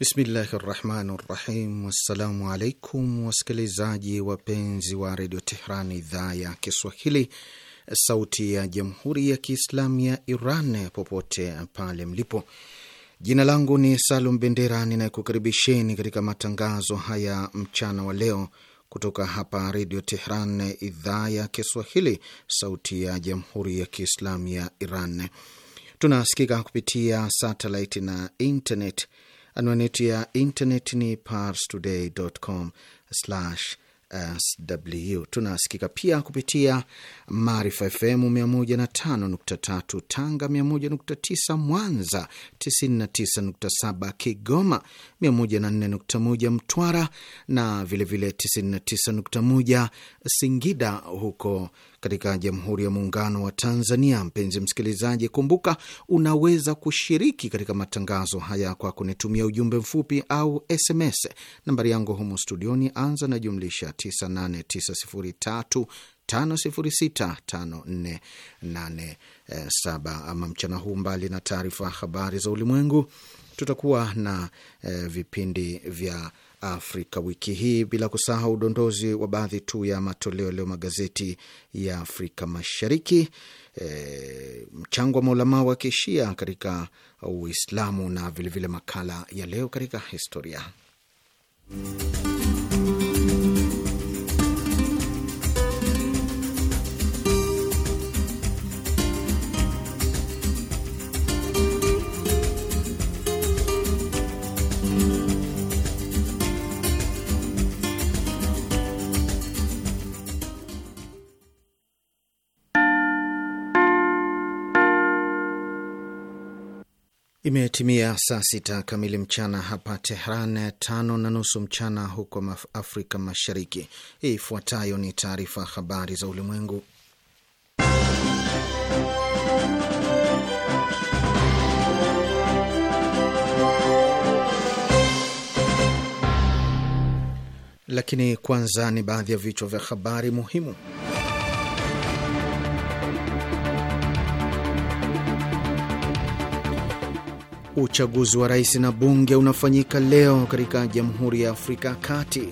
Bismillahi rahmani rahim. Wassalamu alaikum wasikilizaji wapenzi wa redio Tehran, idhaa ya Kiswahili, sauti ya jamhuri ya kiislamu ya Iran, popote pale mlipo. Jina langu ni Salum Bendera ninayekukaribisheni katika matangazo haya mchana wa leo kutoka hapa redio Tehran, idhaa ya Kiswahili, sauti ya jamhuri ya kiislamu ya Iran. Tunasikika kupitia satelit na internet. Anwani yetu ya intaneti ni parstoday.com/sw. Tunasikika pia kupitia Maarifa FM 105.3 Tanga, 101.9 Mwanza, 99.7 Kigoma, 104.1 Mtwara na vilevile 99.1 Singida huko katika Jamhuri ya Muungano wa Tanzania. Mpenzi msikilizaji, kumbuka unaweza kushiriki katika matangazo haya kwa kunitumia ujumbe mfupi au SMS. Nambari yangu humo studioni, anza na jumlisha 989035 Ama mchana huu, mbali na taarifa habari za ulimwengu, tutakuwa na eh, vipindi vya Afrika wiki hii, bila kusahau udondozi wa baadhi tu ya matoleo leo magazeti ya Afrika Mashariki, e, mchango wa maulamaa wa kishia katika Uislamu na vilevile vile makala ya leo katika historia Imetimia saa sita kamili mchana hapa Tehran, tano na nusu mchana huko Afrika Mashariki. Hii ifuatayo ni taarifa habari za ulimwengu, lakini kwanza ni baadhi ya vichwa vya habari muhimu. Uchaguzi wa rais na bunge unafanyika leo katika Jamhuri ya Afrika ya Kati.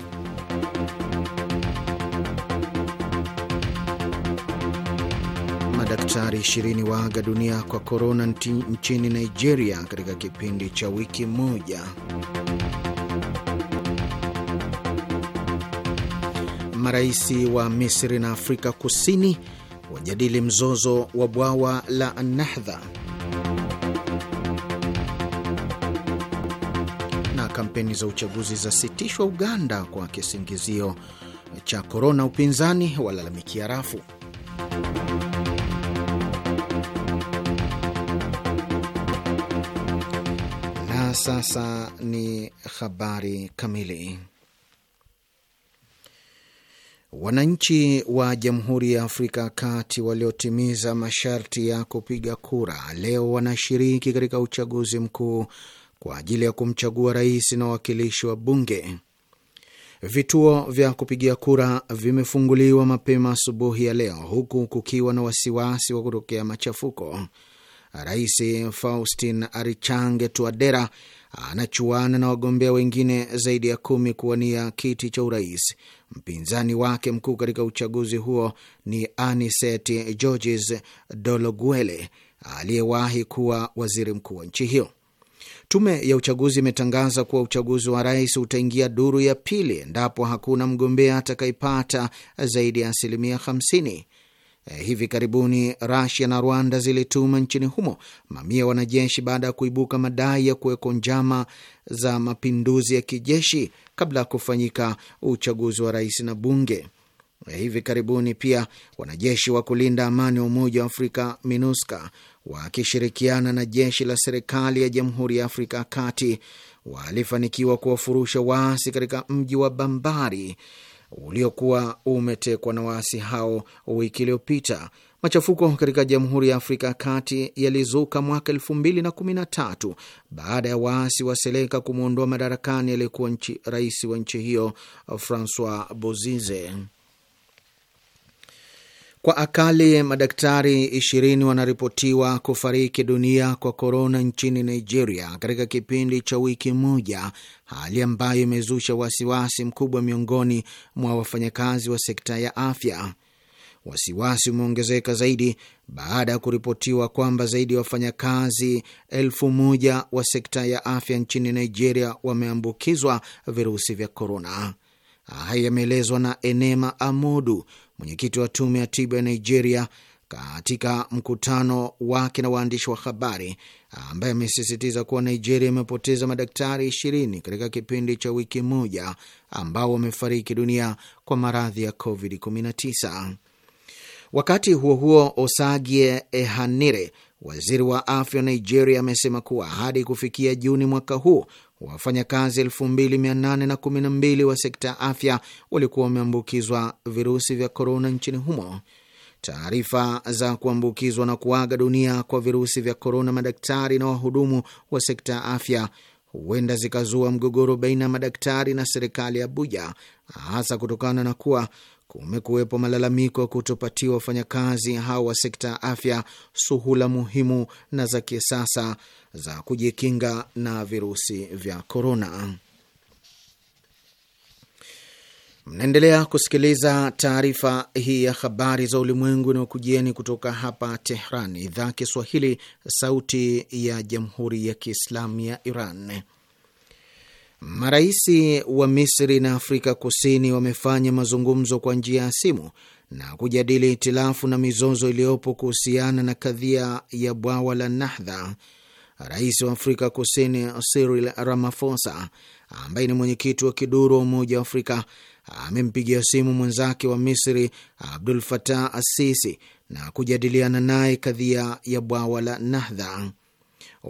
Madaktari 20 waaga dunia kwa korona nchini Nigeria katika kipindi cha wiki moja. Marais wa Misri na Afrika Kusini wajadili mzozo wa bwawa la Nahdha. kampeni za uchaguzi zasitishwa Uganda kwa kisingizio cha korona. Upinzani walalamikia rafu. Na sasa ni habari kamili. Wananchi wa Jamhuri ya Afrika ya Kati waliotimiza masharti ya kupiga kura leo wanashiriki katika uchaguzi mkuu kwa ajili ya kumchagua rais na wawakilishi wa bunge. Vituo vya kupigia kura vimefunguliwa mapema asubuhi ya leo, huku kukiwa na wasiwasi wa kutokea machafuko. Rais Faustin Archange Touadera anachuana na wagombea wengine zaidi ya kumi kuwania kiti cha urais. Mpinzani wake mkuu katika uchaguzi huo ni Aniset Georges Dologuele aliyewahi kuwa waziri mkuu wa nchi hiyo. Tume ya uchaguzi imetangaza kuwa uchaguzi wa rais utaingia duru ya pili endapo hakuna mgombea atakayepata zaidi ya asilimia 50. Eh, hivi karibuni Rasia na Rwanda zilituma nchini humo mamia wanajeshi baada ya kuibuka madai ya kuwekwa njama za mapinduzi ya kijeshi kabla ya kufanyika uchaguzi wa rais na bunge. Eh, hivi karibuni pia wanajeshi wa kulinda amani wa Umoja wa Afrika MINUSCA wakishirikiana na jeshi la serikali ya Jamhuri ya Afrika ya Kati walifanikiwa kuwafurusha waasi katika mji wa Bambari uliokuwa umetekwa na waasi hao wiki iliyopita. Machafuko katika Jamhuri ya Afrika ya Kati yalizuka mwaka elfu mbili na kumi na tatu baada ya waasi wa Seleka kumwondoa madarakani aliyekuwa rais wa nchi hiyo Francois Bozize. Kwa akali madaktari 20 wanaripotiwa kufariki dunia kwa korona nchini Nigeria katika kipindi cha wiki moja, hali ambayo imezusha wasiwasi mkubwa miongoni mwa wafanyakazi wa sekta ya afya. Wasiwasi umeongezeka zaidi baada ya kuripotiwa kwamba zaidi ya wafanyakazi elfu moja wa sekta ya afya nchini Nigeria wameambukizwa virusi vya korona. Haya yameelezwa na Enema Amodu, mwenyekiti wa tume ya tiba ya Nigeria katika mkutano wake na waandishi wa habari ambaye amesisitiza kuwa Nigeria imepoteza madaktari ishirini katika kipindi cha wiki moja ambao wamefariki dunia kwa maradhi ya COVID-19. Wakati huo huo, Osagie Ehanire, Waziri wa afya wa Nigeria amesema kuwa hadi kufikia Juni mwaka huu wafanyakazi 2812 wa sekta ya afya walikuwa wameambukizwa virusi vya korona nchini humo. Taarifa za kuambukizwa na kuaga dunia kwa virusi vya korona madaktari na wahudumu wa sekta ya afya huenda zikazua mgogoro baina ya madaktari na serikali ya Abuja, hasa kutokana na kuwa kumekuwepo malalamiko ya kutopatiwa wafanyakazi hao wa sekta ya afya suhula muhimu na za kisasa za kujikinga na virusi vya korona. Mnaendelea kusikiliza taarifa hii ya habari za ulimwengu inayokujieni kutoka hapa Tehran, idhaa Kiswahili, sauti ya jamhuri ya kiislamu ya Iran. Maraisi wa Misri na Afrika Kusini wamefanya mazungumzo kwa njia ya simu na kujadili hitilafu na mizozo iliyopo kuhusiana na kadhia ya bwawa la Nahdha. Rais wa Afrika Kusini Cyril Ramaphosa, ambaye ni mwenyekiti wa kiduru wa Umoja wa Afrika, amempigia simu mwenzake wa Misri Abdul Fatah Assisi na kujadiliana naye kadhia ya bwawa la Nahdha.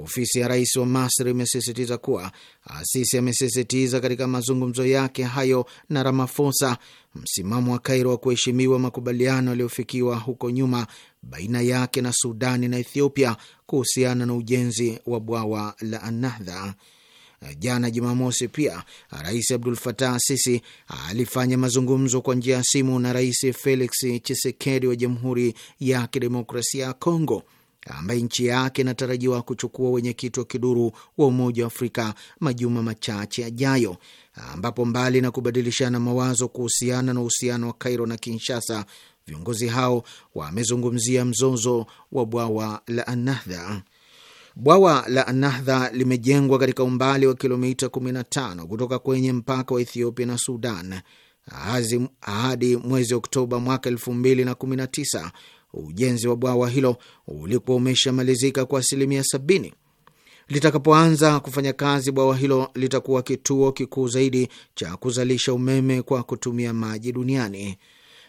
Ofisi ya rais wa Masri imesisitiza kuwa Asisi amesisitiza katika mazungumzo yake hayo na Ramafosa msimamo wa Kairo wa kuheshimiwa makubaliano yaliyofikiwa huko nyuma baina yake na Sudani na Ethiopia kuhusiana na ujenzi wa bwawa la Anahdha. Jana Jumamosi pia Rais Abdul Fatah Sisi alifanya mazungumzo kwa njia ya simu na Rais Felix Chisekedi wa Jamhuri ya Kidemokrasia ya Kongo ambaye nchi yake inatarajiwa kuchukua wenyekiti wa kiduru wa Umoja wa Afrika majuma machache yajayo, ambapo mbali na kubadilishana mawazo kuhusiana na uhusiano wa Kairo na Kinshasa, viongozi hao wamezungumzia mzozo wa bwawa la Anahdha. Bwawa la Anahdha limejengwa katika umbali wa kilomita 15 kutoka kwenye mpaka wa Ethiopia na Sudan. Hadi mwezi Oktoba mwaka 2019 ujenzi wa bwawa hilo ulikuwa umeshamalizika kwa asilimia sabini. Litakapoanza kufanya kazi, bwawa hilo litakuwa kituo kikuu zaidi cha kuzalisha umeme kwa kutumia maji duniani.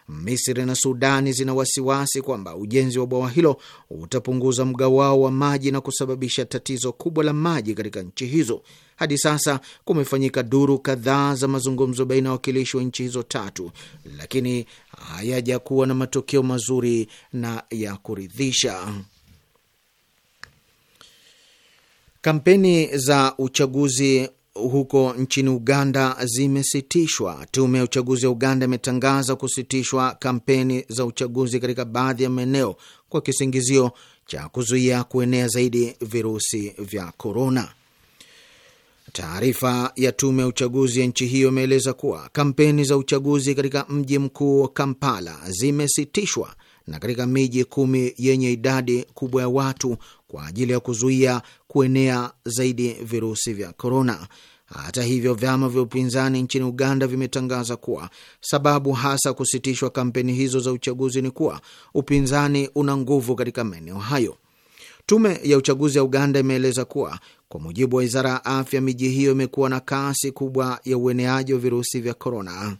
Misri na Sudani zina wasiwasi kwamba ujenzi wa bwawa hilo utapunguza mgawao wa maji na kusababisha tatizo kubwa la maji katika nchi hizo. Hadi sasa kumefanyika duru kadhaa za mazungumzo baina ya wawakilishi wa nchi hizo tatu, lakini hayajakuwa na matokeo mazuri na ya kuridhisha. Kampeni za uchaguzi huko nchini Uganda zimesitishwa. Tume ya uchaguzi ya Uganda imetangaza kusitishwa kampeni za uchaguzi katika baadhi ya maeneo kwa kisingizio cha kuzuia kuenea zaidi virusi vya korona. Taarifa ya tume ya uchaguzi ya nchi hiyo imeeleza kuwa kampeni za uchaguzi katika mji mkuu wa Kampala zimesitishwa na katika miji kumi yenye idadi kubwa ya watu kwa ajili ya kuzuia kuenea zaidi virusi vya korona. Hata hivyo, vyama vya upinzani nchini Uganda vimetangaza kuwa sababu hasa kusitishwa kampeni hizo za uchaguzi ni kuwa upinzani una nguvu katika maeneo hayo. Tume ya uchaguzi ya Uganda imeeleza kuwa kwa mujibu wa wizara ya afya, miji hiyo imekuwa na kasi kubwa ya ueneaji wa virusi vya korona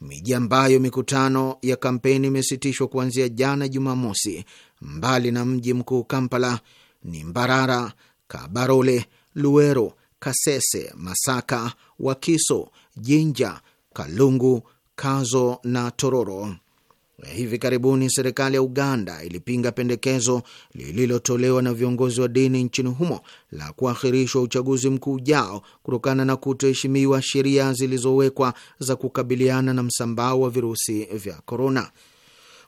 miji ambayo mikutano ya kampeni imesitishwa kuanzia jana Jumamosi, mbali na mji mkuu Kampala, ni Mbarara, Kabarole, Luero, Kasese, Masaka, Wakiso, Jinja, Kalungu, Kazo na Tororo. Eh, hivi karibuni serikali ya Uganda ilipinga pendekezo lililotolewa na viongozi wa dini nchini humo la kuahirishwa uchaguzi mkuu ujao kutokana na kutoheshimiwa sheria zilizowekwa za kukabiliana na msambao wa virusi vya korona.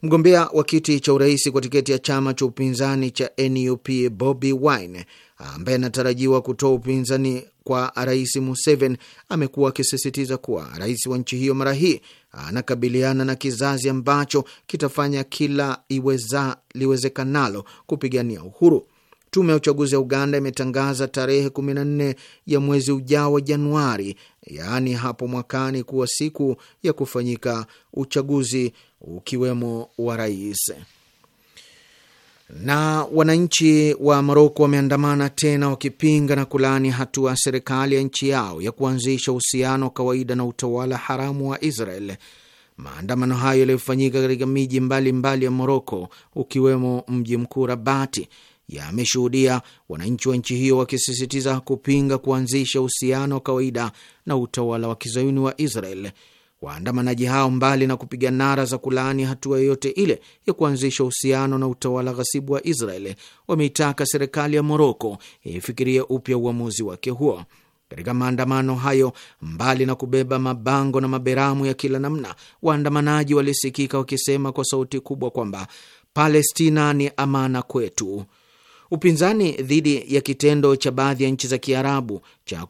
Mgombea wa kiti cha urais kwa tiketi ya chama cha upinzani cha NUP Bobi Wine ambaye anatarajiwa kutoa upinzani kwa Rais Museveni amekuwa akisisitiza kuwa rais wa nchi hiyo mara hii anakabiliana na kizazi ambacho kitafanya kila iweza liwezekanalo kupigania uhuru. Tume ya uchaguzi ya Uganda imetangaza tarehe 14 ya mwezi ujao wa Januari, yaani hapo mwakani, kuwa siku ya kufanyika uchaguzi ukiwemo wa rais. Na wananchi wa moroko wameandamana tena wakipinga na kulaani hatua ya serikali ya nchi yao ya kuanzisha uhusiano wa kawaida na utawala haramu wa Israel. Maandamano hayo yaliyofanyika katika miji mbalimbali ya Moroko ukiwemo mji mkuu Rabati yameshuhudia wananchi wa nchi hiyo wakisisitiza kupinga kuanzisha uhusiano wa kawaida na utawala wa kizayuni wa Israel Waandamanaji hao mbali na kupiga nara za kulaani hatua yoyote ile ya kuanzisha uhusiano na utawala ghasibu wa Israeli, wameitaka serikali ya Moroko ifikirie upya uamuzi wake huo. Katika maandamano hayo, mbali na kubeba mabango na maberamu ya kila namna, waandamanaji walisikika wakisema kwa sauti kubwa kwamba Palestina ni amana kwetu upinzani dhidi ya kitendo cha baadhi ya nchi za Kiarabu cha,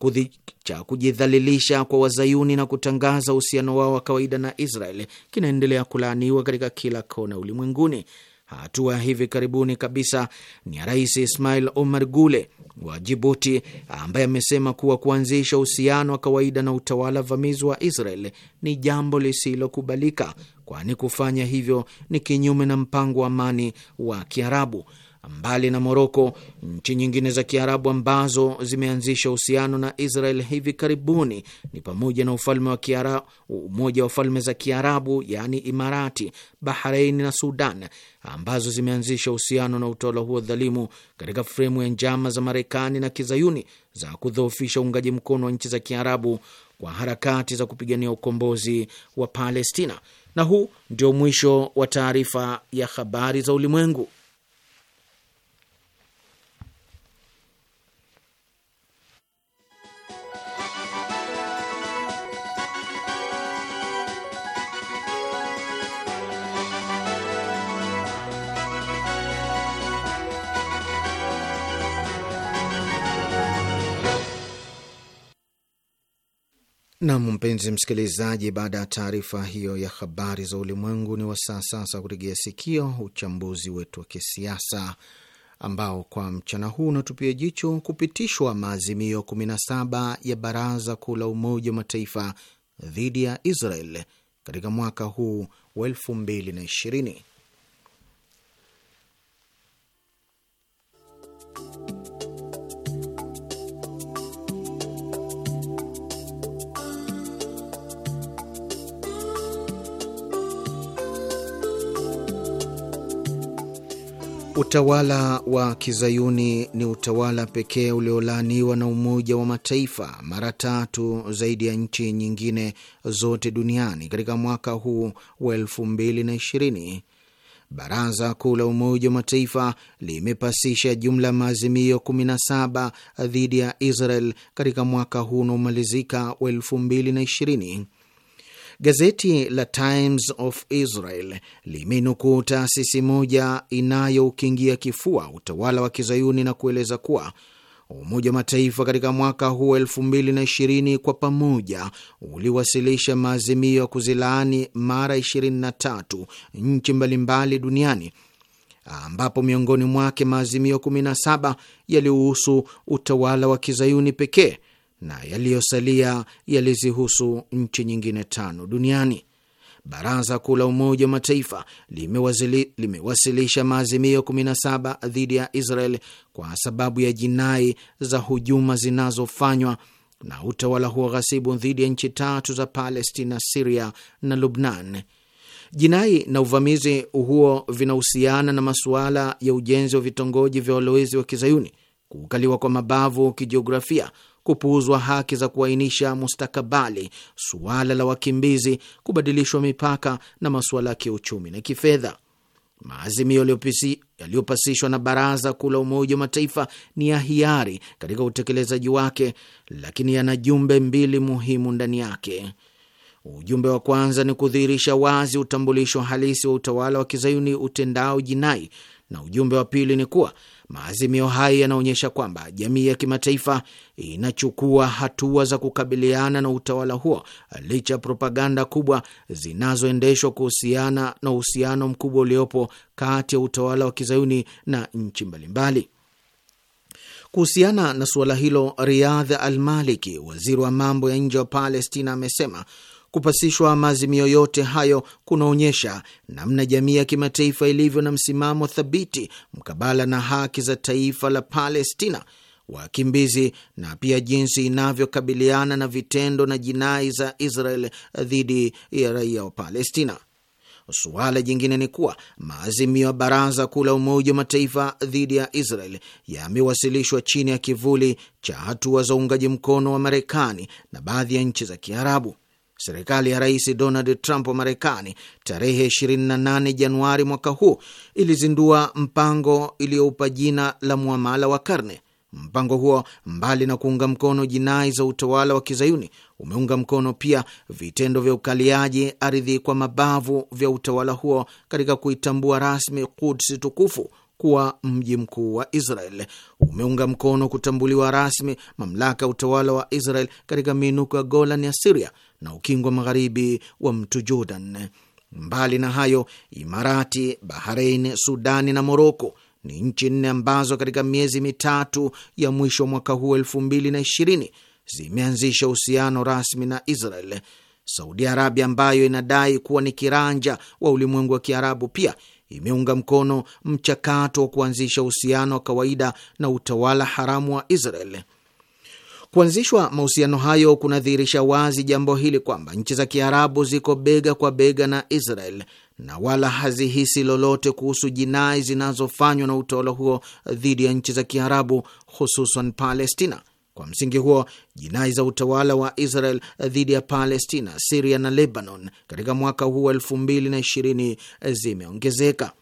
cha kujidhalilisha kwa wazayuni na kutangaza uhusiano wao wa kawaida na Israel kinaendelea kulaaniwa katika kila kona ulimwenguni. Hatua ya hivi karibuni kabisa ni ya Rais Ismail Omar Gule wa Jibuti, ambaye amesema kuwa kuanzisha uhusiano wa kawaida na utawala vamizi wa Israel ni jambo lisilokubalika, kwani kufanya hivyo ni kinyume na mpango wa amani wa Kiarabu. Mbali na Moroko, nchi nyingine za Kiarabu ambazo zimeanzisha uhusiano na Israel hivi karibuni ni pamoja na ufalme wa Umoja wa Falme za Kiarabu yaani Imarati, Bahrain na Sudan, ambazo zimeanzisha uhusiano na utawala huo dhalimu katika fremu ya njama za Marekani na kizayuni za kudhoofisha uungaji mkono wa nchi za Kiarabu kwa harakati za kupigania ukombozi wa Palestina. Na huu ndio mwisho wa taarifa ya habari za ulimwengu. Nam, mpenzi msikilizaji, baada ya taarifa hiyo ya habari za ulimwengu, ni wasaa sasa kutegea sikio uchambuzi wetu wa kisiasa ambao kwa mchana huu unatupia jicho kupitishwa maazimio 17 ya Baraza Kuu la Umoja wa Mataifa dhidi ya Israel katika mwaka huu wa 2020. Utawala wa kizayuni ni utawala pekee uliolaaniwa na Umoja wa Mataifa mara tatu zaidi ya nchi nyingine zote duniani katika mwaka huu wa elfu mbili na ishirini. Baraza Kuu la Umoja wa Mataifa limepasisha jumla ya maazimio 17 dhidi ya Israel katika mwaka huu unaomalizika wa elfu mbili na ishirini Gazeti la Times of Israel limenukuu taasisi moja inayoukingia kifua utawala wa kizayuni na kueleza kuwa Umoja wa Mataifa katika mwaka huu elfu mbili na ishirini kwa pamoja uliwasilisha maazimio ya kuzilaani mara 23 nchi mbalimbali duniani ambapo miongoni mwake maazimio 17 yalihusu utawala wa kizayuni pekee na yaliyosalia yalizihusu nchi nyingine tano duniani. Baraza Kuu la Umoja wa Mataifa limewasilisha maazimio 17 dhidi ya Israel kwa sababu ya jinai za hujuma zinazofanywa na utawala huo ghasibu dhidi ya nchi tatu za Palestina, Siria na Lubnan. Jinai na uvamizi huo vinahusiana na masuala ya ujenzi wa vitongoji vya walowezi wa Kizayuni, kukaliwa kwa mabavu kijiografia, kupuuzwa haki za kuainisha mustakabali, suala la wakimbizi, kubadilishwa mipaka na masuala ya kiuchumi na kifedha. Maazimio yaliyopasishwa na Baraza Kuu la Umoja wa Mataifa ni ya hiari katika utekelezaji wake, lakini yana jumbe mbili muhimu ndani yake. Ujumbe wa kwanza ni kudhihirisha wazi utambulisho halisi wa utawala wa kizayuni utendao jinai, na ujumbe wa pili ni kuwa Maazimio hayo yanaonyesha kwamba jamii ya kimataifa inachukua hatua za kukabiliana na utawala huo licha ya propaganda kubwa zinazoendeshwa kuhusiana na uhusiano mkubwa uliopo kati ya utawala wa kizayuni na nchi mbalimbali. Kuhusiana na suala hilo, Riyadh Al Maliki, waziri wa mambo ya nje wa Palestina, amesema Kupasishwa maazimio yote hayo kunaonyesha namna jamii ya kimataifa ilivyo na msimamo thabiti mkabala na haki za taifa la Palestina, wakimbizi na pia jinsi inavyokabiliana na vitendo na jinai za Israel dhidi ya raia wa Palestina. Suala jingine ni kuwa maazimio ya Baraza Kuu la Umoja wa Mataifa dhidi ya Israel yamewasilishwa chini ya kivuli cha hatua za uungaji mkono wa Marekani na baadhi ya nchi za Kiarabu serikali ya Rais Donald Trump wa Marekani tarehe 28 Januari mwaka huu ilizindua mpango iliyoupa jina la mwamala wa karne. Mpango huo mbali na kuunga mkono jinai za utawala wa kizayuni umeunga mkono pia vitendo vya ukaliaji ardhi kwa mabavu vya utawala huo katika kuitambua rasmi Kudsi tukufu kuwa mji mkuu wa Israel. Umeunga mkono kutambuliwa rasmi mamlaka ya utawala wa Israel katika miinuko ya Golan ya Siria na ukingo magharibi wa mto Jordan. Mbali na hayo, Imarati, Bahrein, Sudani na Moroko ni nchi nne ambazo katika miezi mitatu ya mwisho wa mwaka huu elfu mbili na ishirini zimeanzisha uhusiano rasmi na Israel. Saudi Arabia ambayo inadai kuwa ni kiranja wa ulimwengu wa Kiarabu pia imeunga mkono mchakato wa kuanzisha uhusiano wa kawaida na utawala haramu wa Israel. Kuanzishwa mahusiano hayo kunadhihirisha wazi jambo hili kwamba nchi za Kiarabu ziko bega kwa bega na Israel na wala hazihisi lolote kuhusu jinai zinazofanywa na utawala huo dhidi ya nchi za Kiarabu, hususan Palestina. Kwa msingi huo, jinai za utawala wa Israel dhidi ya Palestina, Siria na Lebanon katika mwaka huu wa elfu mbili na ishirini zimeongezeka.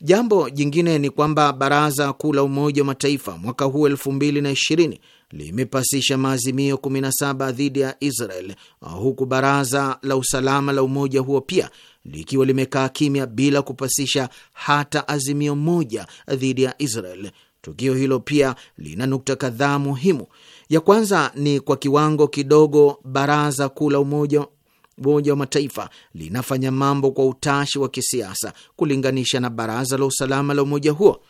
Jambo jingine ni kwamba Baraza Kuu la Umoja wa Mataifa mwaka huu elfu mbili na ishirini limepasisha maazimio 17 dhidi ya Israel, huku baraza la usalama la umoja huo pia likiwa limekaa kimya bila kupasisha hata azimio moja dhidi ya Israel. Tukio hilo pia lina nukta kadhaa muhimu. Ya kwanza ni kwa kiwango kidogo baraza kuu la umoja Umoja wa Mataifa linafanya mambo kwa utashi wa kisiasa kulinganisha na baraza la usalama la umoja huo.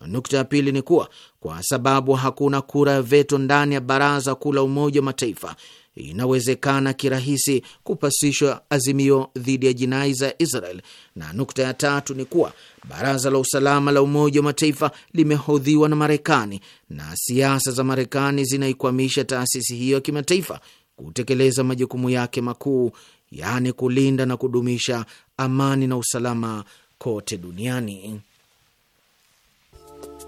Nukta ya pili ni kuwa kwa sababu hakuna kura ya veto ndani ya Baraza Kuu la Umoja wa Mataifa, inawezekana kirahisi kupasishwa azimio dhidi ya jinai za Israel. Na nukta ya tatu ni kuwa Baraza la Usalama la Umoja wa Mataifa limehodhiwa na Marekani na siasa za Marekani zinaikwamisha taasisi hiyo ya kimataifa kutekeleza majukumu yake makuu, yaani kulinda na kudumisha amani na usalama kote duniani.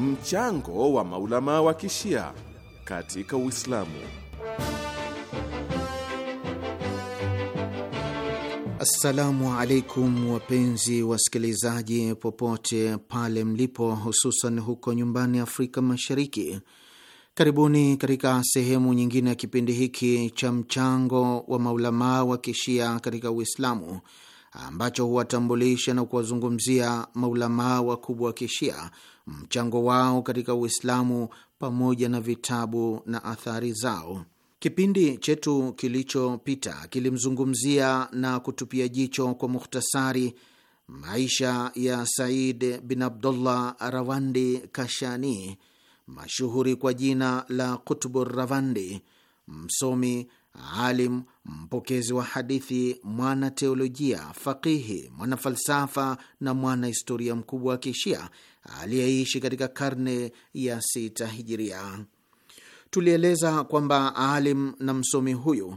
Mchango wa maulama wa kishia katika Uislamu. Assalamu alaikum wapenzi wasikilizaji, popote pale mlipo, hususan huko nyumbani Afrika Mashariki. Karibuni katika sehemu nyingine ya kipindi hiki cha mchango wa maulamaa wa kishia katika Uislamu, ambacho huwatambulisha na kuwazungumzia maulamaa wakubwa wa kishia mchango wao katika Uislamu pamoja na vitabu na athari zao. Kipindi chetu kilichopita kilimzungumzia na kutupia jicho kwa mukhtasari maisha ya Said bin Abdullah Rawandi Kashani, mashuhuri kwa jina la Kutbu Rawandi, msomi alim, mpokezi wa hadithi, mwana teolojia, faqihi, mwanafalsafa na mwana historia mkubwa wa Kishia aliyeishi katika karne ya sita hijiria. Tulieleza kwamba alim na msomi huyu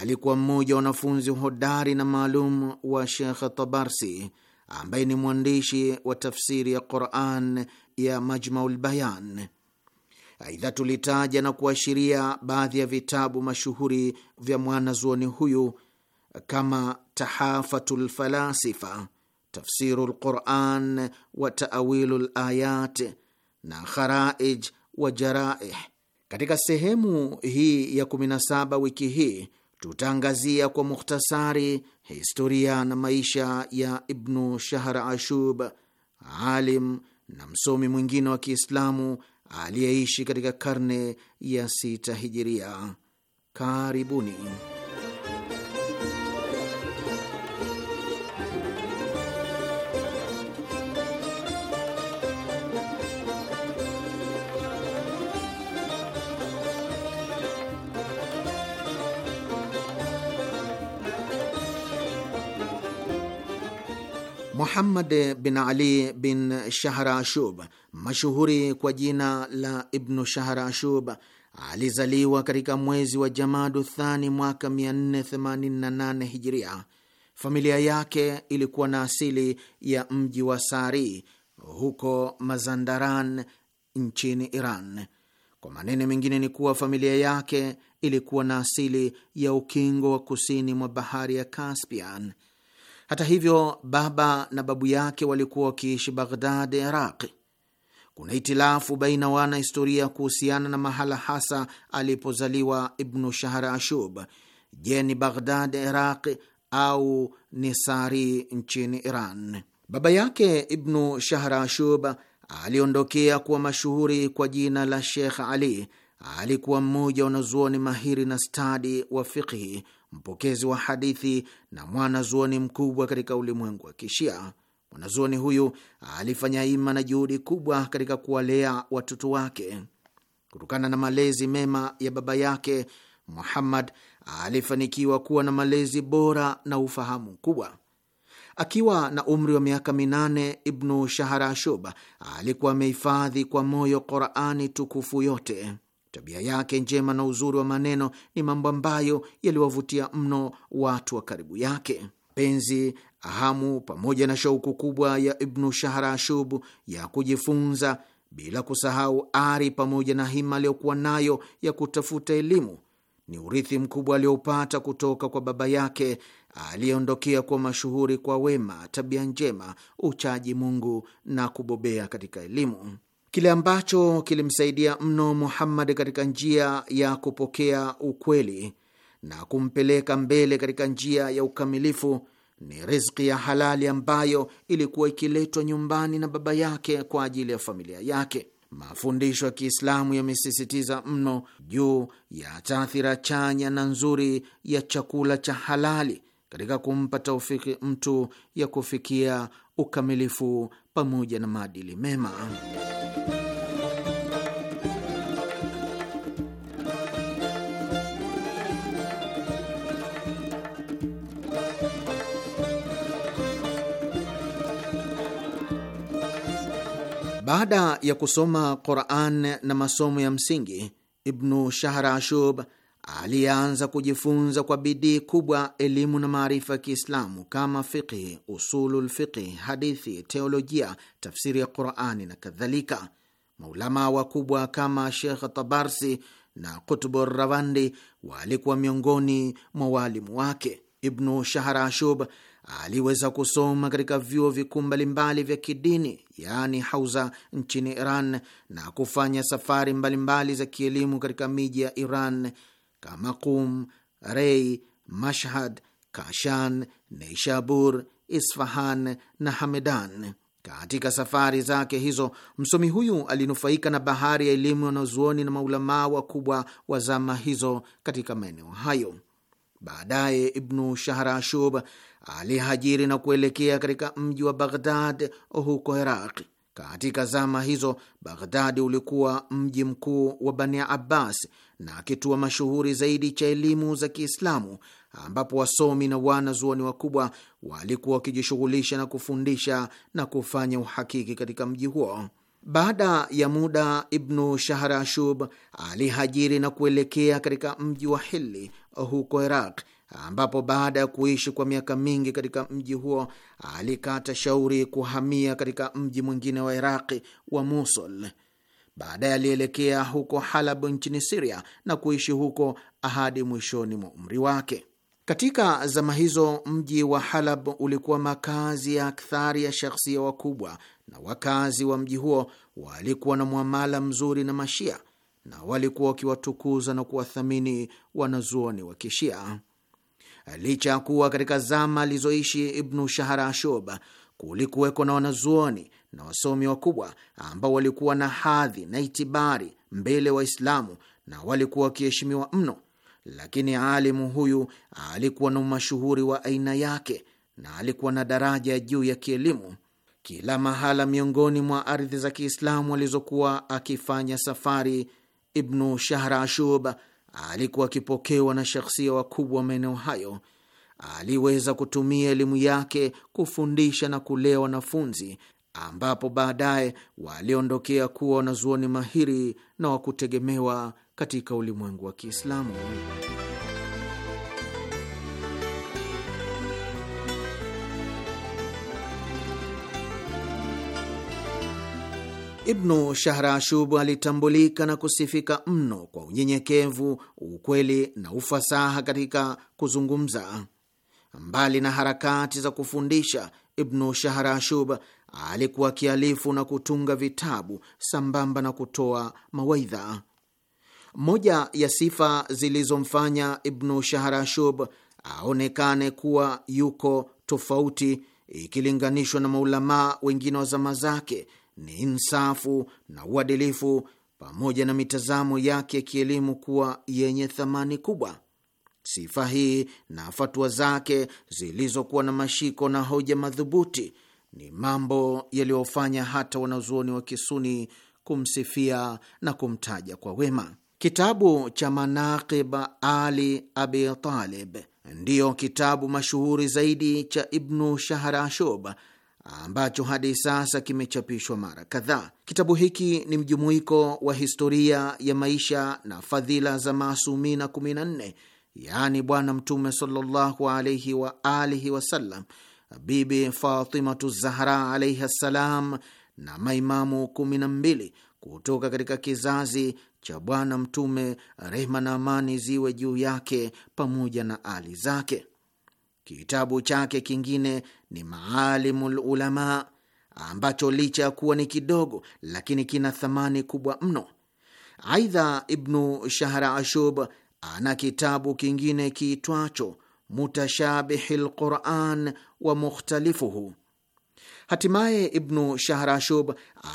alikuwa mmoja wa wanafunzi hodari na maalum wa Shekh Tabarsi ambaye ni mwandishi wa tafsiri ya Quran ya Majmaul Bayan. Aidha, tulitaja na kuashiria baadhi ya vitabu mashuhuri vya mwanazuoni huyu kama Tahafatul Falasifa, tafsiru lquran wa taawilu layat na kharaij wa jaraih. Katika sehemu hii ya 17 wiki hii tutaangazia kwa mukhtasari historia na maisha ya Ibnu Shahr Ashub, alim na msomi mwingine wa Kiislamu aliyeishi katika karne ya sita hijiria. Karibuni. Muhammad bin Ali bin Shahrashub, mashuhuri kwa jina la Ibnu Shahrashub, alizaliwa katika mwezi wa Jamadu Thani mwaka 488 Hijiria. Familia yake ilikuwa na asili ya mji wa Sari huko Mazandaran nchini Iran. Kwa maneno mengine ni kuwa familia yake ilikuwa na asili ya ukingo wa kusini mwa bahari ya Caspian. Hata hivyo, baba na babu yake walikuwa wakiishi Baghdad, Iraq. Kuna itilafu baina wana historia kuhusiana na mahala hasa alipozaliwa Ibnu Shahr Ashub. Je, ni Baghdad, Iraq au ni Sari nchini Iran? Baba yake Ibnu Shahr Ashub aliondokea kuwa mashuhuri kwa jina la Sheikh Ali. Alikuwa mmoja wanazuoni mahiri na stadi wa fiqhi mpokezi wa hadithi na mwanazuoni mkubwa katika ulimwengu wa Kishia. Mwanazuoni huyu alifanya ima na juhudi kubwa katika kuwalea watoto wake. Kutokana na malezi mema ya baba yake, Muhammad alifanikiwa kuwa na malezi bora na ufahamu mkubwa. Akiwa na umri wa miaka minane, Ibnu Shahrashub alikuwa amehifadhi kwa moyo Qorani tukufu yote. Tabia yake njema na uzuri wa maneno ni mambo ambayo yaliwavutia mno watu wa karibu yake. Penzi, hamu pamoja na shauku kubwa ya Ibnu Shahrashub ya kujifunza, bila kusahau ari pamoja na hima aliyokuwa nayo ya kutafuta elimu ni urithi mkubwa aliyopata kutoka kwa baba yake aliyeondokea kuwa mashuhuri kwa wema, tabia njema, uchaji Mungu na kubobea katika elimu kile ambacho kilimsaidia mno Muhammad katika njia ya kupokea ukweli na kumpeleka mbele katika njia ya ukamilifu ni riziki ya halali ambayo ilikuwa ikiletwa nyumbani na baba yake kwa ajili ya familia yake. Mafundisho ya Kiislamu yamesisitiza mno juu ya taathira chanya na nzuri ya chakula cha halali katika kumpa taufiki mtu ya kufikia ukamilifu pamoja na maadili mema. Baada ya kusoma Quran na masomo ya msingi, Ibnu Shahrashub alianza kujifunza kwa bidii kubwa elimu na maarifa ya Kiislamu kama fiqhi, usulul fiqhi, hadithi, teolojia, tafsiri ya Qurani na kadhalika. Maulama wakubwa kama Shekh Tabarsi na Kutubu Rawandi walikuwa miongoni mwa waalimu wake. Ibnu Shahrashub aliweza kusoma katika vyuo vikuu mbalimbali vya kidini yaani hauza nchini Iran na kufanya safari mbalimbali mbali za kielimu katika miji ya Iran kama Qum, Rei, Mashhad, Kashan, Neishabur, Isfahan na Hamedan. Katika safari zake hizo msomi huyu alinufaika na bahari ya elimu wanazuoni na maulamaa wakubwa wa zama hizo katika maeneo hayo. Baadaye Ibnu Shahrashub alihajiri na kuelekea katika mji wa Baghdad huko Iraqi. Katika zama hizo Baghdadi ulikuwa mji mkuu wa Bani Abbas na kituo mashuhuri zaidi cha elimu za Kiislamu, ambapo wasomi na wanazuoni wakubwa walikuwa wakijishughulisha na kufundisha na kufanya uhakiki katika mji huo. Baada ya muda, Ibnu Shahrashub alihajiri na kuelekea katika mji wa Hili huko Iraq ambapo baada ya kuishi kwa miaka mingi katika mji huo alikata shauri kuhamia katika mji mwingine wa Iraqi wa Mosul. Baadaye alielekea huko Halab nchini Siria na kuishi huko hadi mwishoni mwa umri wake. Katika zama hizo mji wa Halab ulikuwa makazi ya akthari ya shakhsia wakubwa, na wakazi wa mji huo walikuwa na mwamala mzuri na Mashia na walikuwa wakiwatukuza na kuwathamini wanazuoni wa Kishia licha ya kuwa katika zama alizoishi Ibnu Shahrashub kulikuweko na wanazuoni na wasomi wakubwa ambao walikuwa na hadhi na itibari mbele Waislamu na walikuwa wakiheshimiwa mno, lakini alimu huyu alikuwa na umashuhuri wa aina yake na alikuwa na daraja ya juu ya kielimu. Kila mahala miongoni mwa ardhi za Kiislamu alizokuwa akifanya safari, Ibnu Shahrashub alikuwa akipokewa na shakhsia wakubwa wa maeneo hayo. Aliweza kutumia elimu yake kufundisha na kulea wanafunzi, ambapo baadaye waliondokea kuwa wanazuoni mahiri na wakutegemewa katika ulimwengu wa Kiislamu. Ibnu Shahrashub alitambulika na kusifika mno kwa unyenyekevu, ukweli na ufasaha katika kuzungumza. Mbali na harakati za kufundisha, Ibnu Shahrashub alikuwa kialifu na kutunga vitabu sambamba na kutoa mawaidha. Moja ya sifa zilizomfanya Ibnu Shahrashub aonekane kuwa yuko tofauti ikilinganishwa na maulamaa wengine wa zama zake ni insafu na uadilifu pamoja na mitazamo yake ya kielimu kuwa yenye thamani kubwa. Sifa hii na fatua zake zilizokuwa na mashiko na hoja madhubuti ni mambo yaliyofanya hata wanazuoni wa Kisuni kumsifia na kumtaja kwa wema. Kitabu cha Manaqib Ali Abi Talib ndiyo kitabu mashuhuri zaidi cha Ibnu Shahrashub ambacho hadi sasa kimechapishwa mara kadhaa. Kitabu hiki ni mjumuiko wa historia ya maisha na fadhila za maasumina 14 yaani Bwana Mtume sallallahu alaihi wa alihi wasallam, Bibi Fatimatu Zahra alaihi ssalam, na maimamu 12 kutoka katika kizazi cha Bwana Mtume, rehma na amani ziwe juu yake pamoja na ali zake. Kitabu chake kingine ni Maalimul Ulama ambacho licha ya kuwa ni kidogo lakini kina thamani kubwa mno. Aidha, Ibnu Shahra Ashub ana kitabu kingine kiitwacho Mutashabihi lquran wa mukhtalifuhu. Hatimaye Ibnu Shahrashub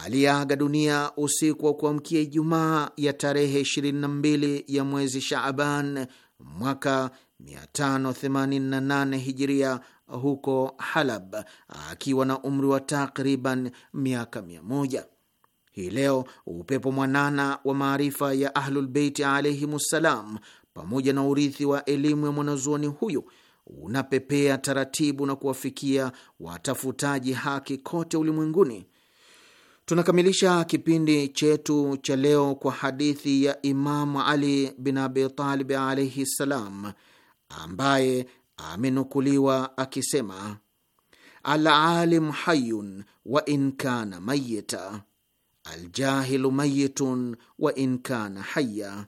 aliaga dunia usiku wa kuamkia Ijumaa ya tarehe 22 ya mwezi Shaaban mwaka 588 hijiria huko Halab akiwa na umri wa takriban miaka mia moja. Hii leo upepo mwanana wa maarifa ya Ahlulbeiti alaihimussalam pamoja na urithi wa elimu ya mwanazuoni huyu unapepea taratibu na kuwafikia watafutaji haki kote ulimwenguni. Tunakamilisha kipindi chetu cha leo kwa hadithi ya Imamu Ali bin abitalibi alaihi ssalam ambaye amenukuliwa akisema alalim hayun wa in kana mayita, aljahilu mayitun wa in kana haya,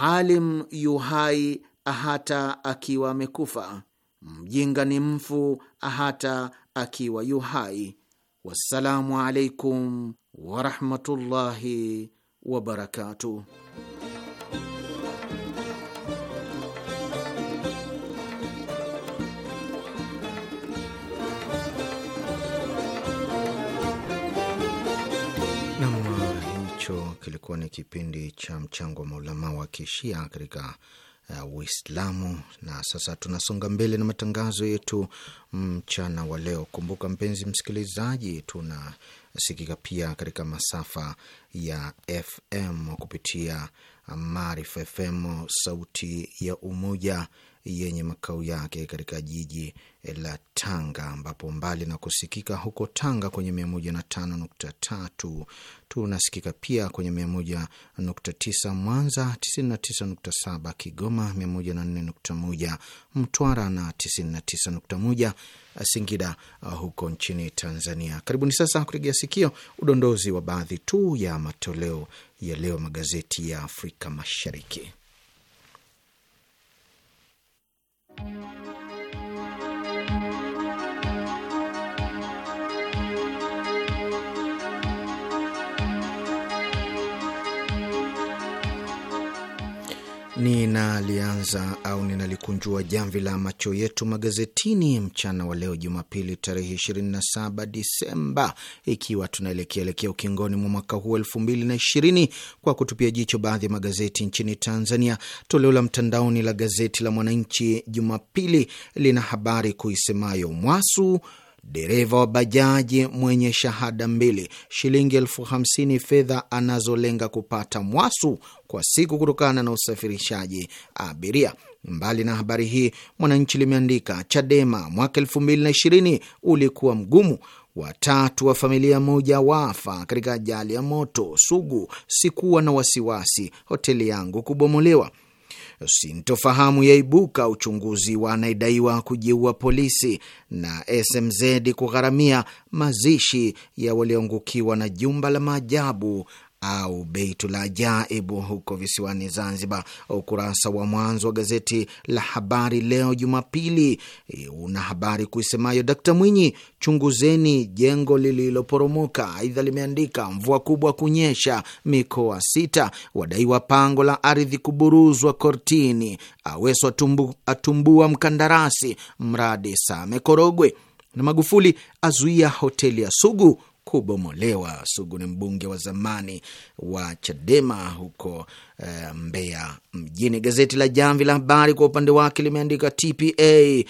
alim yuhai ahata akiwa amekufa, mjinga ni mfu ahata akiwa yuhai. Wassalamu alaikum warahmatullahi wabarakatuh. kilikuwa ni kipindi cha mchango wa maulama wa kishia katika uh, Uislamu. Uh, na sasa tunasonga mbele na matangazo yetu mchana wa leo. Kumbuka mpenzi msikilizaji, tunasikika pia katika masafa ya FM kupitia Maarifa FM, sauti ya Umoja yenye makao yake katika jiji la Tanga, ambapo mbali na kusikika huko Tanga kwenye tatu tunasikika pia kwenye tisa Mwanza, 99.7 Kigoma, moja Mtwara na moja Singida uh, huko nchini Tanzania. Karibuni sasa kuregea sikio udondozi wa baadhi tu ya matoleo ya leo magazeti ya Afrika Mashariki. Música Ninalianza au ninalikunjua jamvi la macho yetu magazetini mchana wa leo Jumapili tarehe 27 Disemba, ikiwa tunaelekea elekea ukingoni mwa mwaka huu elfu mbili na ishirini kwa kutupia jicho baadhi ya magazeti nchini Tanzania. Toleo la mtandaoni la gazeti la Mwananchi Jumapili lina habari kuisemayo Mwasu dereva wa bajaji mwenye shahada mbili shilingi elfu hamsini fedha anazolenga kupata mwasu kwa siku kutokana na usafirishaji abiria. Mbali na habari hii, Mwananchi limeandika Chadema mwaka elfu mbili na ishirini ulikuwa mgumu, watatu wa familia moja wafa katika ajali ya moto Sugu. Sikuwa na wasiwasi, hoteli yangu kubomolewa Sintofahamu yaibuka uchunguzi wa anayedaiwa kujiua polisi, na SMZ kugharamia mazishi ya walioangukiwa na jumba la maajabu au la Ajaibu huko visiwani Zanzibar. Ukurasa wa mwanzo wa gazeti la Habari Leo Jumapili e, una habari kuisemayo Dkt Mwinyi, chunguzeni jengo lililoporomoka. Aidha limeandika mvua kubwa kunyesha mikoa sita, wadaiwa pango la ardhi kuburuzwa kortini, Aweso atumbu, atumbua mkandarasi mradi Same Korogwe, na Magufuli azuia hoteli ya Sugu kubomolewa. Sugu ni mbunge wa zamani wa Chadema huko e, Mbeya mjini. Gazeti la Jamvi la Habari kwa upande wake limeandika TPA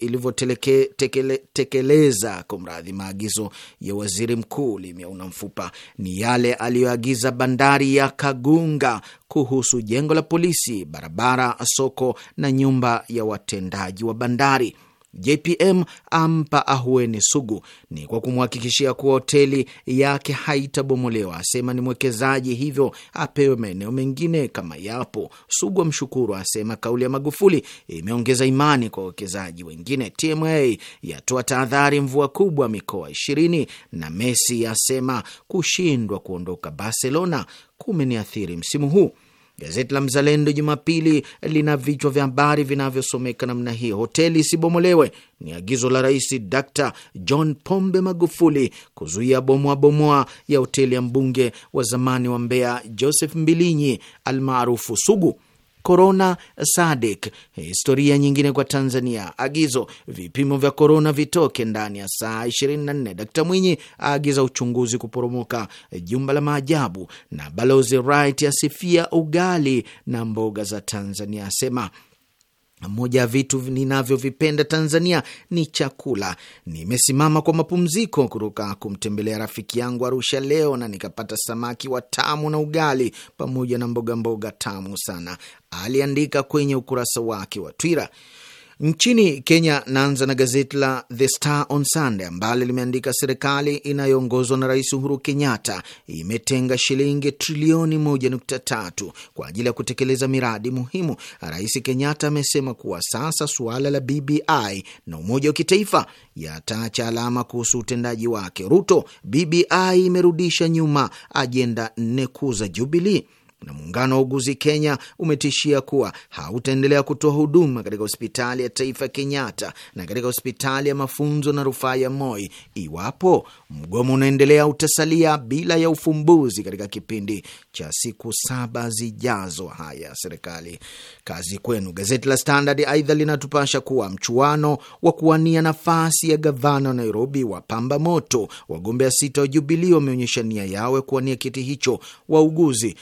ilivyotekeleza kumradhi, maagizo ya waziri mkuu limeuna mfupa ni yale aliyoagiza bandari ya Kagunga kuhusu jengo la polisi, barabara, soko na nyumba ya watendaji wa bandari. JPM ampa ahueni sugu ni kwa kumhakikishia kuwa hoteli yake haitabomolewa, asema ni mwekezaji, hivyo apewe maeneo mengine kama yapo. Sugu amshukuru, asema kauli ya Magufuli imeongeza imani kwa wawekezaji wengine. TMA yatoa tahadhari, mvua kubwa mikoa ishirini, na Messi asema kushindwa kuondoka Barcelona kumeniathiri msimu huu. Gazeti la Mzalendo Jumapili lina vichwa vya habari vinavyosomeka namna hii: hoteli isibomolewe ni agizo la Rais Dr John Pombe Magufuli kuzuia bomoa bomoa ya hoteli ya mbunge wa zamani wa Mbeya Joseph Mbilinyi almaarufu Sugu korona Sadik. Historia nyingine kwa Tanzania. Agizo vipimo vya korona vitoke ndani ya saa 24. Dkt Mwinyi aagiza uchunguzi kuporomoka jumba la maajabu. Na balozi Wright asifia ugali na mboga za Tanzania, asema moja ya vitu ninavyovipenda Tanzania ni chakula. Nimesimama kwa mapumziko kutoka kumtembelea rafiki yangu Arusha leo na nikapata samaki wa tamu na ugali pamoja na mbogamboga mboga tamu sana, aliandika kwenye ukurasa wake wa Twitter. Nchini Kenya, naanza na gazeti la The Star on Sunday ambalo limeandika serikali inayoongozwa na Rais Uhuru Kenyatta imetenga shilingi trilioni 1.3 kwa ajili ya kutekeleza miradi muhimu. Rais Kenyatta amesema kuwa sasa suala la BBI na umoja wa kitaifa yataacha alama kuhusu utendaji wake. Ruto: BBI imerudisha nyuma ajenda nne kuu za Jubilee na muungano wa uguzi Kenya umetishia kuwa hautaendelea kutoa huduma katika hospitali ya taifa Kenyatta na katika hospitali ya mafunzo na rufaa ya Moi iwapo mgomo unaendelea utasalia bila ya ufumbuzi katika kipindi cha siku saba zijazo. Haya, serikali kazi kwenu. Gazeti la Standard aidha linatupasha kuwa mchuano wa kuwania nafasi ya gavana wa Nairobi wa pamba moto, wagombea sita wa Jubilii wameonyesha nia yao ya kuwania kiti hicho. Wauguzi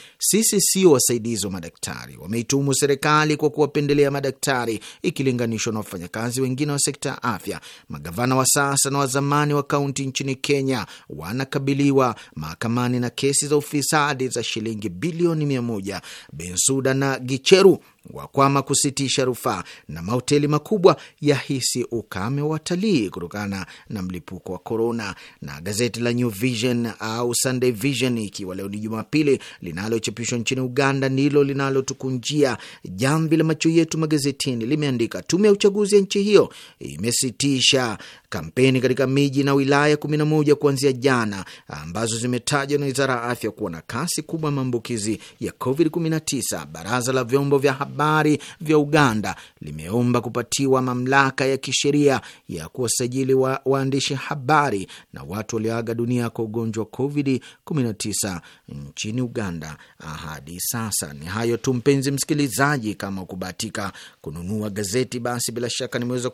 sisi sio wasaidizi wa madaktari. wameitumu serikali kwa kuwapendelea madaktari ikilinganishwa na wafanyakazi wengine wa sekta ya afya. Magavana wa sasa na wa zamani wa kaunti nchini Kenya wanakabiliwa mahakamani na kesi za ufisadi za shilingi bilioni mia moja. Bensuda na Gicheru wakwama kusitisha rufaa na mahoteli makubwa yahisi ukame wa watalii kutokana na mlipuko wa korona. Na gazeti la New Vision au Sunday Vision, ikiwa leo ni Jumapili, linalochapishwa nchini Uganda ndilo linalotukunjia jamvi la macho yetu magazetini, limeandika tume ya uchaguzi ya nchi hiyo imesitisha kampeni katika miji na wilaya 11 kuanzia jana, ambazo zimetajwa na wizara ya afya kuwa na kasi kubwa ya maambukizi ya COVID-19. Baraza la vyombo vya habari vya Uganda limeomba kupatiwa mamlaka ya kisheria ya kuwasajili wa waandishi habari na watu walioaga dunia kwa ugonjwa wa COVID-19 nchini Uganda hadi sasa. Ni hayo tu, mpenzi msikilizaji. Kama ukubahatika kununua gazeti, basi bila shaka nimeweza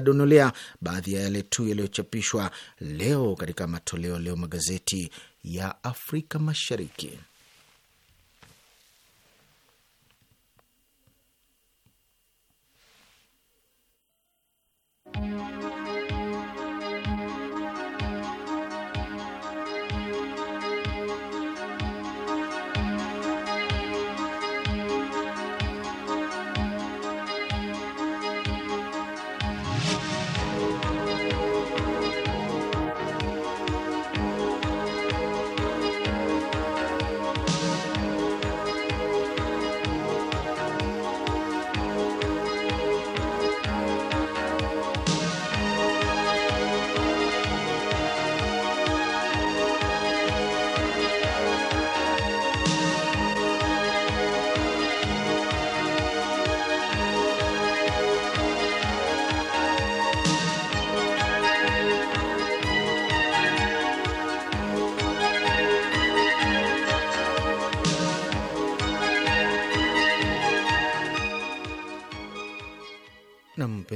donolea baadhi ya yale tu yaliyochapishwa leo katika matoleo leo magazeti ya Afrika Mashariki.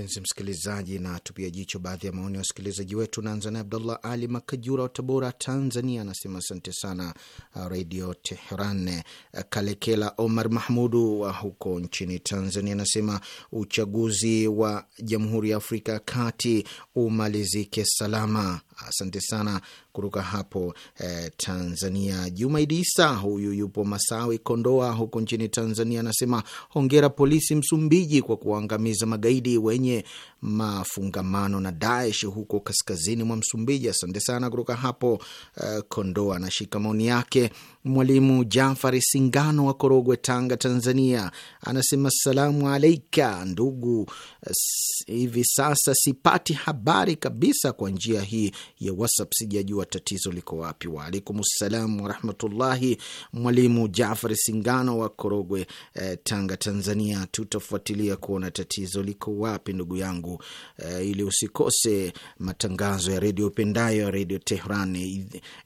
mpenzi msikilizaji, na tupia jicho baadhi ya maoni ya wasikilizaji wetu. Naanza naye Abdullah Ali Makajura wa Tabora, Tanzania, anasema asante sana uh, Redio Teheran. Kalekela Omar Mahmudu wa huko nchini Tanzania anasema uchaguzi wa Jamhuri ya Afrika ya Kati umalizike salama. Asante sana kutoka hapo eh, Tanzania. Jumaidi Isa huyu yupo Masawi, Kondoa huko nchini Tanzania, anasema hongera polisi Msumbiji kwa kuangamiza magaidi wenye mafungamano na Daesh huko kaskazini mwa Msumbiji. Asante sana kutoka hapo eh, Kondoa. Anashika maoni yake Mwalimu Jafari Singano wa Korogwe, Tanga, Tanzania, anasema salamu alaika ndugu. Hivi sasa sipati habari kabisa kwa njia hii ya WhatsApp, sijajua kujua tatizo liko wapi. salam warahmatullahi. Mwalimu jafar Singano wa Korogwe, eh, Tanga, Tanzania, tutafuatilia kuona tatizo liko wapi, ndugu yangu, eh, ili usikose matangazo ya redio upendayo ya redio Tehran.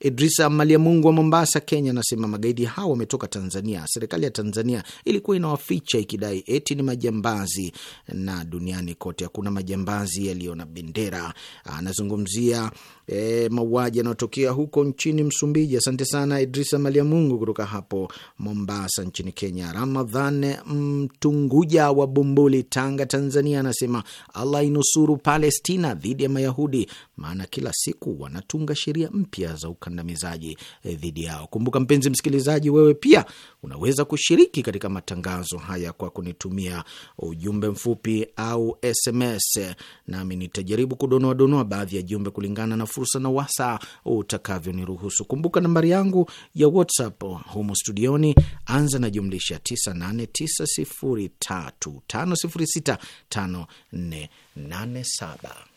Idrisa Mungu wa Mombasa, Kenya, anasema magaidi hao wametoka Tanzania. Serikali ya Tanzania ilikuwa inawaficha ikidai eti ni majambazi, na duniani kote hakuna majambazi yaliyo na bendera. Anazungumzia e, mauaji yanayotokea huko nchini Msumbiji. Asante sana Idrisa Maliamungu kutoka hapo Mombasa nchini Kenya. Ramadhan Mtunguja wa Bumbuli, Tanga, Tanzania, anasema Allah inusuru Palestina dhidi ya Mayahudi maana kila siku wanatunga sheria mpya za ukandamizaji eh, dhidi yao. Kumbuka mpenzi msikilizaji, wewe pia unaweza kushiriki katika matangazo haya kwa kunitumia ujumbe mfupi au SMS, nami nitajaribu kudonoadonoa baadhi ya jumbe kulingana na fursa na wasa utakavyoniruhusu. Kumbuka nambari yangu ya WhatsApp humu studioni, anza na jumlisha 989035065487.